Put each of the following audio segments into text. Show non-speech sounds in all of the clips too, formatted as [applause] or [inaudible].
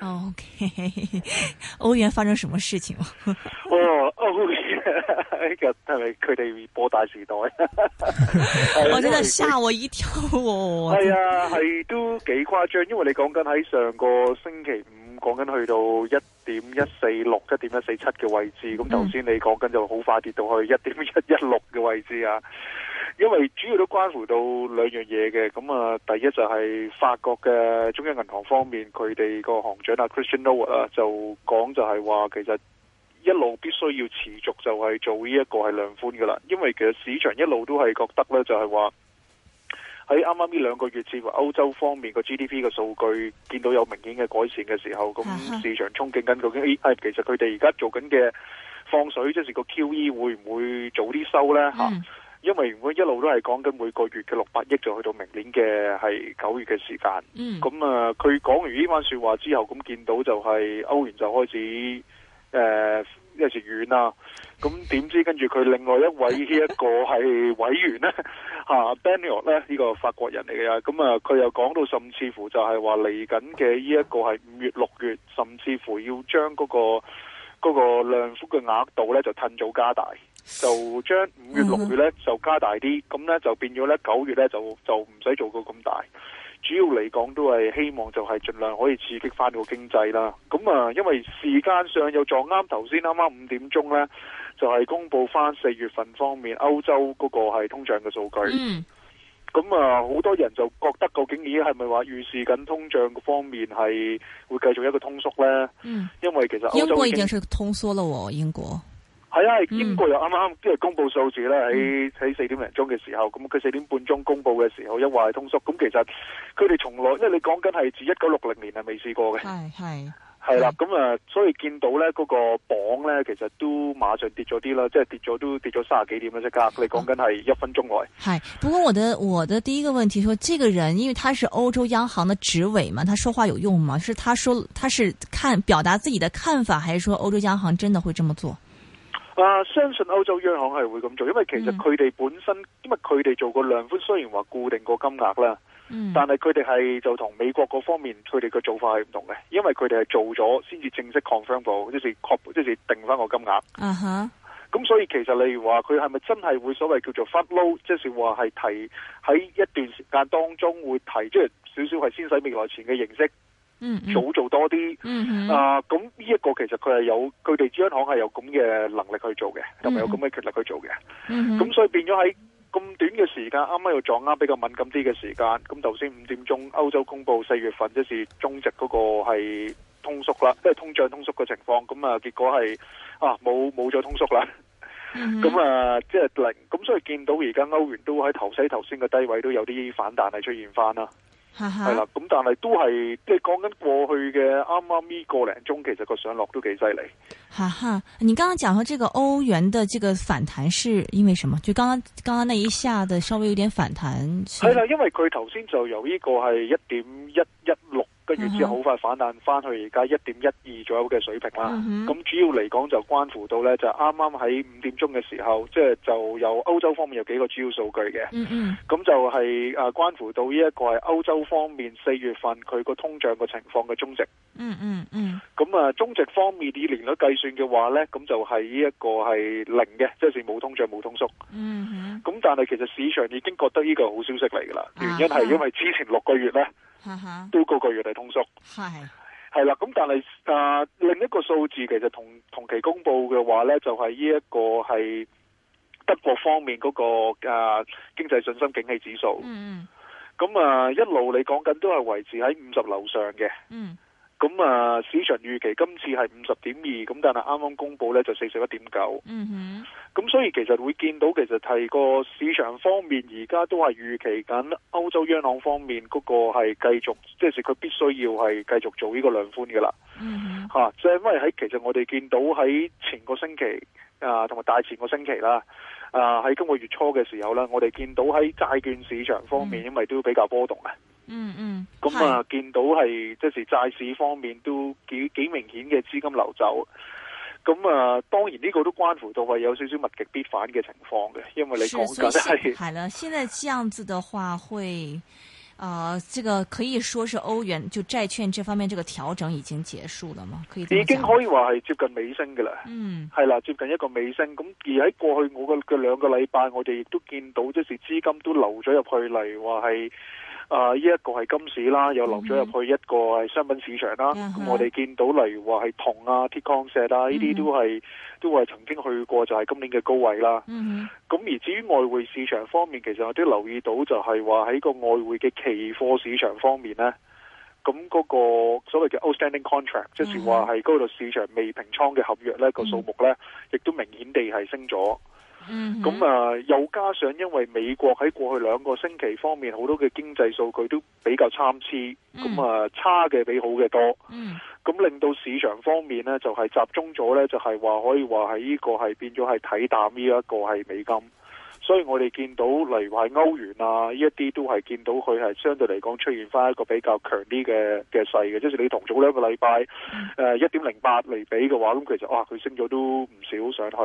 O K，歐元發生什麼事情？哦，歐元今日係咪佢哋播大時代？我、 [laughs] [laughs] oh、真係吓我一跳哦！係 [laughs] 啊、哎呀，係 [laughs] 都幾誇張，因為你講緊喺上個星期五講緊去到一點一四六、一點一四七嘅位置，咁頭先你講緊就好快跌到去一點一一六嘅位置啊！因為主要都關乎到兩樣嘢嘅，咁啊，第一就係法國嘅中央銀行方面，佢哋個行長啊 Christian Noyer 啊，就講就係話，其實一路必須要持續就係做呢一個係量寬噶啦，因為其實市場一路都係覺得呢，就係話喺啱啱呢兩個月之內，歐洲方面個 GDP 嘅數據見到有明顯嘅改善嘅時候，咁市場憧憬緊究竟，其實佢哋而家做緊嘅放水，即、係個 QE 會唔會早啲收呢？吓、mm.？因為原本一路都係講緊每個月嘅六百億，就去到明年嘅係九月嘅時間。咁、嗯、啊，佢、嗯、講完呢番說話之後，咁見到就係歐元就開始誒一時軟啦。咁、呃、點、嗯、知跟住佢另外一位呢一個係委員咧，吓、 [laughs] 啊、Benyot 咧呢個法國人嚟嘅呀。咁、嗯、啊，佢又講到甚至乎就係話嚟緊嘅呢一個係五月六月，甚至乎要將嗰、嗰個嗰、嗰個量幅嘅額度咧就趁早加大。就將五月六月咧就加大啲，咁、嗯、咧就變咗咧九月咧就就唔使做咁大，主要嚟講都係希望就係盡量可以刺激翻個經濟啦。咁啊，因為時間上又撞啱頭先啱啱五點鐘咧，就係、是、公布翻四月份方面歐洲嗰個係通脹嘅數據。咁、嗯、啊，好多人就覺得究竟而家係咪話預示緊通脹嘅方面係會繼續一個通縮咧、嗯？因為其實歐洲英國已經係通縮喎，英國。係啊，英國又啱啱即係公布數字啦，喺喺四點零鐘嘅時候，咁佢四點半鐘公布嘅時候，因為係通縮。咁其實佢哋從來，因為你講緊係自一九六零年係未試過嘅，係係係啦。咁、哎、啊，所以見到咧嗰個榜咧，其實都馬上跌咗啲啦，即係跌咗都跌咗三十幾點啦，即刻你講緊係一分鐘內。係、哎、不過，我的我的第一個問題說，說這個人因為他是歐洲央行的執委嘛，他說話有用嗎？是他說他是看表達自己的看法，還是說歐洲央行真的會這麼做？啊！相信歐洲央行係會咁做，因為其實佢哋本身，嗯、因為佢哋做個量寬，雖然話固定個金額啦、嗯，但係佢哋係就同美國嗰方面佢哋嘅做法係唔同嘅，因為佢哋係做咗先至正式 confirm，即、就是確，即、就是定翻個金額。咁、嗯、所以其實例如話佢係咪真係會所謂叫做 front load，即是話係提喺一段時間當中會提，即係少少係先使未來錢嘅形式。嗯嗯早做多啲、嗯嗯，啊，咁呢一個其實佢係有，佢哋央行係有咁嘅能力去做嘅，同、嗯、埋、嗯、有咁嘅權力去做嘅。咁、嗯嗯、所以變咗喺咁短嘅時間，啱啱又撞啱比較敏感啲嘅時間。咁頭先五點鐘歐洲公布四月份、就是、中那個是即是中值嗰個係通縮啦，即係通脹通縮嘅情況。咁啊，結果係啊冇冇咗通縮啦。咁、嗯嗯、 [laughs] 啊，即、就、係、是、零。咁所以見到而家歐元都喺頭先頭先嘅低位都有啲反彈係出現翻啦。係 [laughs] 啦，咁但係都係即係講緊過去嘅，啱啱呢個零鐘，其實個上落都幾犀利。哈哈，你剛剛講到這個歐元的這個反彈是因為什麼？就剛剛剛剛那一下的稍微有點反彈。係啦，因為佢頭先就由呢個係一點一一六。個月之後好快反彈翻去而家一點一二左右嘅水平啦。咁、嗯、主要嚟講就關乎到呢，就啱啱喺五點鐘嘅時候，即、就、係、是、就有歐洲方面有幾個主要數據嘅。咁、嗯、就係啊，關乎到呢一個係歐洲方面四月份佢個通脹個情況嘅中值。嗯嗯嗯。咁啊，中值方面以年率計算嘅話呢，咁就係呢一個係零嘅，即係冇通脹冇通縮。嗯。咁但係其實市場已經覺得呢個好消息嚟噶啦，原因係因為之前六個月呢。 [noise] 都個個月嚟通縮，係係啦，咁 [noise] 但係誒、呃、另一個數字其實同同期公布嘅話呢，就係呢一個係德國方面嗰、那個誒、啊、經濟信心景氣指數， [noise] 嗯、咁、嗯、啊、嗯、一路你講緊都係維持喺五十樓上嘅， [noise] 嗯。咁啊，市場預期今次係五十點二，咁但係啱啱公布呢就四十一點九。嗯哼，咁所以其實會見到其實係個市場方面，而家都係預期緊歐洲央行方面嗰個係繼續，即係佢必須要係繼續做呢個量寬嘅啦。嗯、mm、哼 -hmm. 啊，嚇、就係，因為喺其實我哋見到喺前個星期啊，同埋大前個星期啦。啊！喺今個月初嘅時候咧，我哋見到喺債券市場方面，嗯，因為都比較波動，嗯嗯、啊。嗯嗯。咁啊，見到係即係債市方面都幾幾明顯嘅資金流走。咁、嗯、啊，當然呢個都關乎到係有少少物極必反嘅情況嘅，因為你講嘅係。所以現在， [laughs] 現在這樣子的話會。啊、呃，這個可以說是歐元就債券這方面，這個調整已經結束了嗎？可以嗎，已經可以話係接近尾聲噶啦。嗯，係啦，接近一個尾聲。咁而喺過去我嘅兩個禮拜，我哋亦都見到即是資金都流咗入去嚟，話係。啊！呢一個係金市啦，又流咗入去一個係商品市場啦。咁、mm -hmm. 我哋見到例如話係銅啊、鐵礦石啊，呢啲都係都係曾經去過，就係今年嘅高位啦。咁、mm -hmm. 而至於外匯市場方面，其實我都留意到，就係話喺個外匯嘅期貨市場方面呢，咁嗰個所謂嘅 outstanding contract，即、mm -hmm. 是話係嗰度市場未平倉嘅合約呢、個數目呢，亦、mm -hmm. 都明顯地係升咗。咁啊，又加上因為美國喺過去兩個星期方面，好多嘅經濟數據都比較參差，咁啊差嘅比好嘅多，咁令到市場方面咧就係集中咗咧，就係話可以話喺呢個係變咗係睇淡呢一個係美金。所以我哋見到，例如話喺歐元啊，呢一啲都係見到佢係相對嚟講出現翻一個比較強啲嘅嘅勢嘅，即係你同早兩個禮拜，誒一點零八嚟比嘅話，咁其實哇，佢升咗都唔少上去。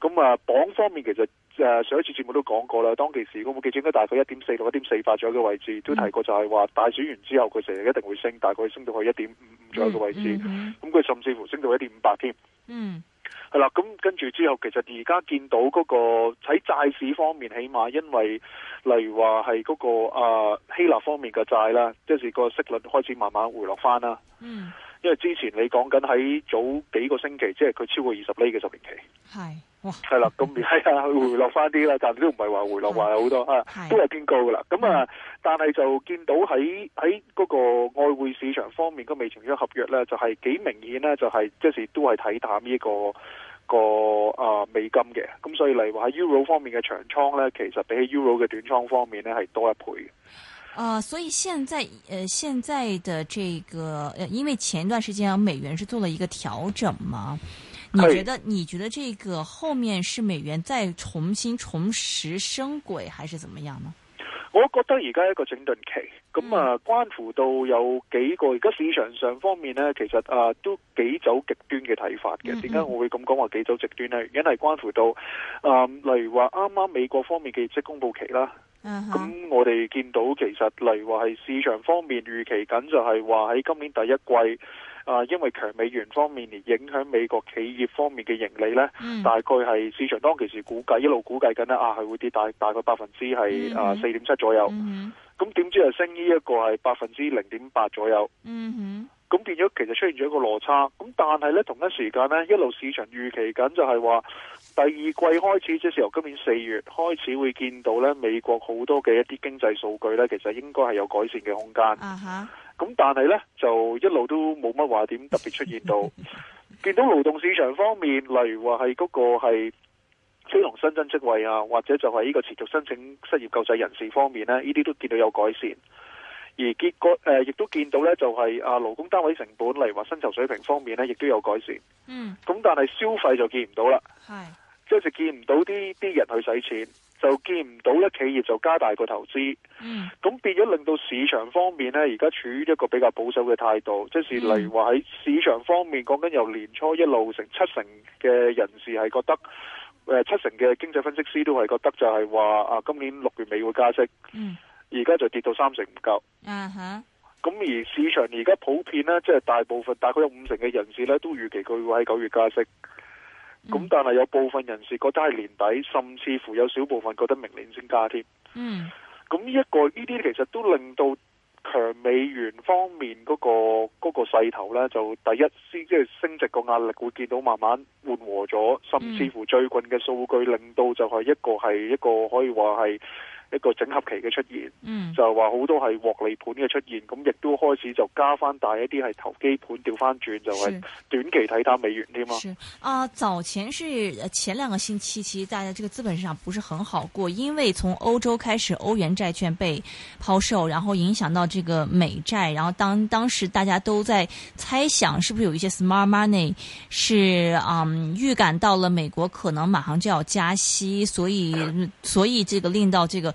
咁啊，榜方面其實誒、呃、上一次節目都講過啦，當其時我冇記住應該大概一點四到一點四八左右嘅位置，嗯，都提過就係話大選完之後佢成日一定會升，大概升到去一點五五左右嘅位置，咁、嗯、佢、嗯嗯、甚至乎升到一點五八添。嗯。係啦，咁跟住之後，其實而家見到嗰個喺債市方面，起碼因為例如話係嗰個啊希臘方面嘅債啦，即係個息率開始慢慢回落返啦。嗯，因為之前你講緊喺早幾個星期，即係佢超過二十厘嘅十年期。係。係啦，咁係啊、嗯，回落翻啲啦，但都唔係話回落話好多，都係偏高噶啦。咁啊，但係、啊啊、就見到喺喺嗰個外匯市場方面個未成交合約咧，就係、是、幾明顯咧、就是，就係即時都係睇淡呢、這個個啊美金嘅。咁所以例如話喺 Euro 方面嘅長倉咧，其實比起 Euro 嘅短倉方面咧係多一倍。啊、呃，所以現在誒、呃，現在的這個，因為前一段時間美元是做了一個調整嘛。你覺得你覺得這個後面是美元再重新重拾升軌，還是怎麼樣呢？我覺得而家一個整頓期，咁啊、嗯、關乎到有幾個而家市場上方面呢，其實啊都幾走極端嘅睇法嘅。點、嗯、解、嗯、我會咁講話幾走極端呢？因為係關乎到啊，例如話啱啱美國方面嘅業績公佈期啦，咁、嗯、我哋見到其實例如話係市場方面預期緊就係話喺今年第一季。啊，因為強美元方面，而影響美國企業方面嘅盈利咧，嗯，大概係市場當其時估計一路估計緊咧，啊，係會跌大大概百分之係、嗯、啊四點七左右。咁、嗯、點、嗯、知就升呢一個係百分之零點八左右。咁、嗯、變咗其實出現咗一個落差。咁但係呢，同一時間呢，一路市場預期緊就係話第二季開始即係由今年四月開始會見到呢美國好多嘅一啲經濟數據呢，其實應該係有改善嘅空間。啊咁但係呢，就一路都冇乜話點特別出現到， [laughs] 見到勞動市場方面，例如話係嗰個係非農新增職位啊，或者就係呢個持續申請失業救濟人士方面呢，呢啲都見到有改善。而結果誒，亦、呃、都見到呢，就係啊，勞工單位成本，例如話薪酬水平方面呢，亦都有改善。嗯。咁但係消費就見唔到啦，係，即係就係、見唔到啲啲人去使錢。就見唔到咧，企業就加大個投資。嗯，咁變咗令到市場方面呢，而家處於一個比較保守嘅態度，即是例如話喺市場方面講緊、嗯、由年初一路成七成嘅人士係覺得，誒、呃、七成嘅經濟分析師都係覺得就係話啊，今年六月尾會加息。嗯，而家就跌到三成唔夠。嗯哼，咁而市場而家普遍呢，即、就、係、是、大部分大概有五成嘅人士呢都預期佢會喺九月加息。咁、嗯、但係有部分人士覺得係年底，甚至乎有少部分覺得明年先加添。嗯，咁呢一個呢啲其實都令到強美元方面嗰、個嗰、個勢頭呢，就第一先即係升值個壓力會見到慢慢緩和咗，甚至乎最近嘅數據令到就係一個係一個可以話係。一個整合期嘅出現，就係話好多係獲利盤嘅出現，咁亦都開始就加返大一啲係投機盤調返轉，就係、是、短期睇淡美元添啊！啊，早前是前兩個星期，期，其實大家這個資本市場不是很好過，因為從歐洲開始，歐元債券被拋售，然後影響到這個美債，然後當當時大家都在猜想，是不是有一些 smart money 是啊預、嗯、感到了美國可能馬上就要加息，所以、嗯、所以這個令到這個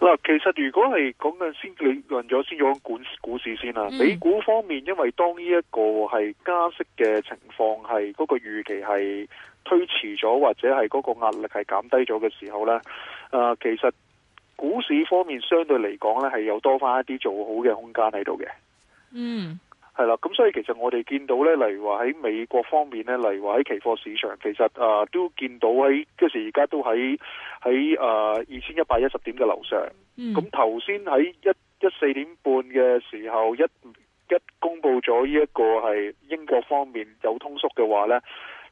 嗱，其實如果係噉樣先理論咗先講股股市先啦。美股方面，因為當呢一個係加息嘅情況係嗰個預期係推遲咗，或者係嗰個壓力係減低咗嘅時候呢，誒，其實股市方面相對嚟講呢，係有多翻一啲做好嘅空間喺度嘅。嗯。係啦，咁所以其實我哋見到咧，例如話喺美國方面咧，例如話喺期貨市場，其實啊、呃、都見到喺即時而家都喺喺啊二千一百一十點嘅樓上。咁頭先喺一一四點半嘅時候，一一公佈咗呢一個係英國方面有通縮嘅話咧，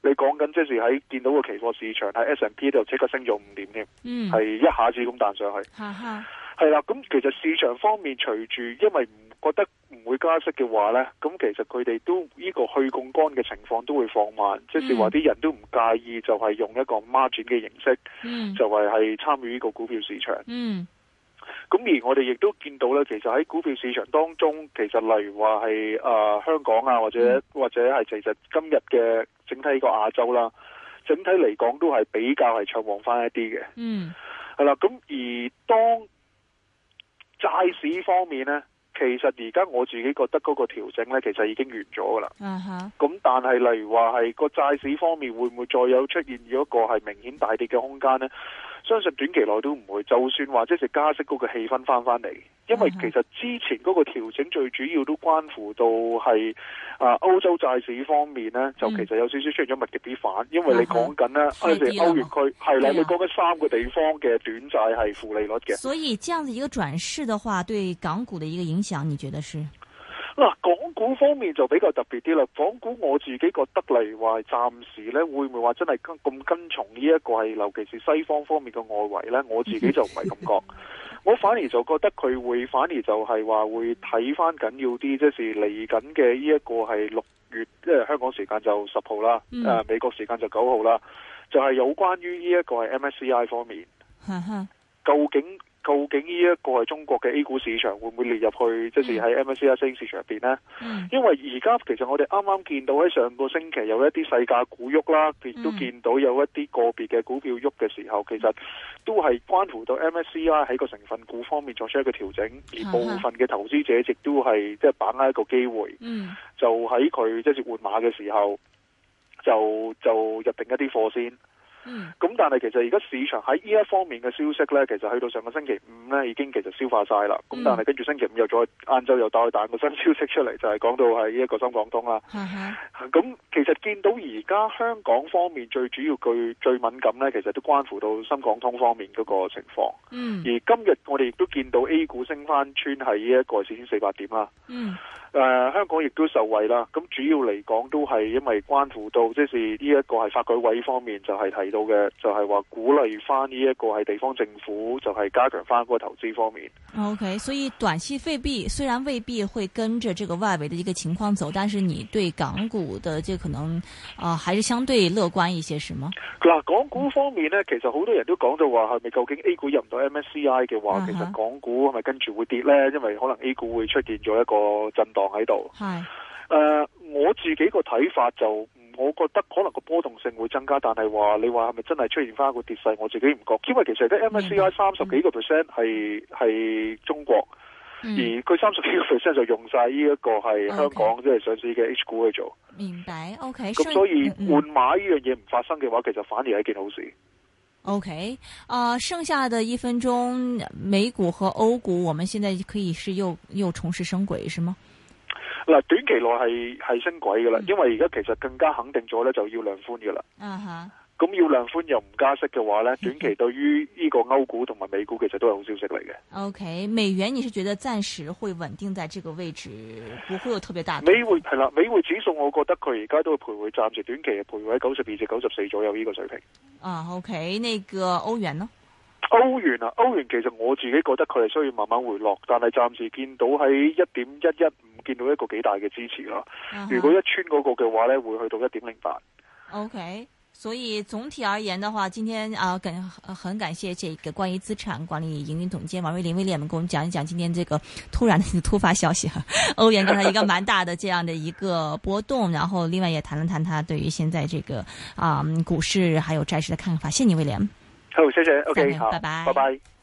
你講緊即時喺見到個期貨市場喺 S&P 度即刻升咗五點添，係、嗯、一下子咁彈上去。係啦，咁其實市場方面隨住因為唔覺得唔會加息嘅話呢，咁其實佢哋都呢個去槓桿嘅情況都會放慢，嗯、即是話啲人都唔介意就係用一個孖展嘅形式，就係係參與呢個股票市場。咁、嗯、而我哋亦都見到呢，其實喺股票市場當中，其實例如話係誒香港啊，或者、嗯、或者係其實今日嘅整體呢個亞洲啦，整體嚟講都係比較係暢旺翻一啲嘅。嗯，係啦，咁而當債市方面呢。其實而家我自己覺得嗰個調整呢，其實已經完咗噶啦。嗯哼。咁但係例如話係個債市方面，會唔會再有出現咗一個係明顯大跌嘅空間呢？相信短期內都唔會，就算話即係加息嗰個氣氛翻翻嚟，因為其實之前嗰個調整最主要都關乎到係啊歐洲債市方面呢、嗯、就其實有少少出現咗密極啲反，因為你講緊咧，歐元區係啦，你講緊三個地方嘅短債係負利率嘅。所以，這樣子一個轉勢的話，對港股嘅一個影響，你覺得是？嗱，港股方面就比較特別啲啦。港股我自己覺得嚟話暫時咧，會唔會話真係咁咁跟從呢一個係，尤其是西方方面嘅外圍咧，我自己就唔係咁覺。我反而就覺得佢會反而就係話會睇翻緊要啲，即、係嚟緊嘅呢一個係六月，即係香港時間就十號啦，啊美國時間就九號啦，就係、係、有關於呢一個係 MSCI 方面，究竟？究竟呢一個係中國嘅 A 股市場會唔會列入去，嗯、即係喺 MSCI 市場入邊呢、嗯？因為而家其實我哋啱啱見到喺上個星期有一啲細價股喐啦，亦、嗯、都見到有一啲個別嘅股票喐嘅時候，其實都係關乎到 MSCI 喺個成分股方面作出一個調整，而部分嘅投資者亦都係即係把握一個機會，嗯、就喺佢即係換馬嘅時候，就就入定一啲貨先。咁、嗯、但係其實而家市場喺呢一方面嘅消息呢，其實去到上個星期五呢已經其實消化晒啦。咁、嗯、但係跟住星期五又再晏晝又帶第二個新消息出嚟，就係、是、講到係呢一個深港通啦。咁、嗯嗯、其實見到而家香港方面最主要最最敏感呢，其實都關乎到深港通方面嗰個情況。嗯。而今日我哋亦都見到 A 股升翻穿喺呢一個四千四百點啦。嗯。誒、呃，香港亦都受惠啦。咁主要嚟講，都係因為關乎到，即是呢一個係發改委方面就係提到嘅，就係、是、話鼓勵翻呢一個係地方政府，就係加強翻嗰個投資方面。O、okay, K，所以短期未必，雖然未必會跟着這個外圍的一個情況走，但是你對港股的，就可能啊、呃，還是相對樂觀一些，是嗎？嗱、啊，港股方面咧，其實好多人都講到話係咪究竟 A 股入唔到 M S C I 嘅話，uh -huh. 其實港股係咪跟住會跌咧？因為可能 A 股會出現咗一個震蕩。喺度係，誒，uh, 我自己個睇法就，我覺得可能個波動性會增加，但係話你話係咪真係出現翻一個跌勢，我自己唔覺得，因為其實啲 MSCI 三十幾個 percent 係係中國，嗯、而佢三十幾個 percent 就用晒呢一個係香港即係、okay 就是、上市嘅 H 股去做。明白，OK。咁所以換馬呢樣嘢唔發生嘅話，其實反而係一件好事。嗯、OK，啊，uh, 剩下嘅一分鐘，美股和歐股，我們現在可以是又又重拾升軌，是嗎？嗱，短期內係係升軌噶啦，因為而家其實更加肯定咗咧，就要量寬噶啦。嗯、啊、哼，咁要量寬又唔加息嘅話咧，短期對於呢個歐股同埋美股其實都係好消息嚟嘅。OK，美元，你係覺得暫時會穩定在這個位置，不會有特別大？美匯係啦，美匯指數，我覺得佢而家都會徘徊，暫時短期係徘徊喺九十二至九十四左右呢個水平。啊，OK，那個歐元呢？歐元啊，歐元其實我自己覺得佢係需要慢慢回落，但係暫時見到喺一點一一。見到一個幾大嘅支持咯，如果一穿嗰個嘅話呢，會去到一點零八。OK，所以總體而言的話，今天啊，感、呃、很感謝這個關於資產管理營運總監王瑞麟威廉，跟我們講一講今天這個突然的突發消息哈。歐元剛才一個蠻大的這樣的一個波動， [laughs] 然後另外也談了談他對於現在這個啊、呃、股市還有債市的看法。謝謝你，威廉。好，謝謝。OK，好，拜拜。拜拜。